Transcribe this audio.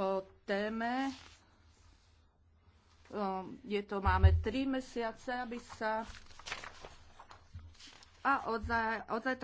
o téme. Je to, máme tri mesiace, aby sa a od, od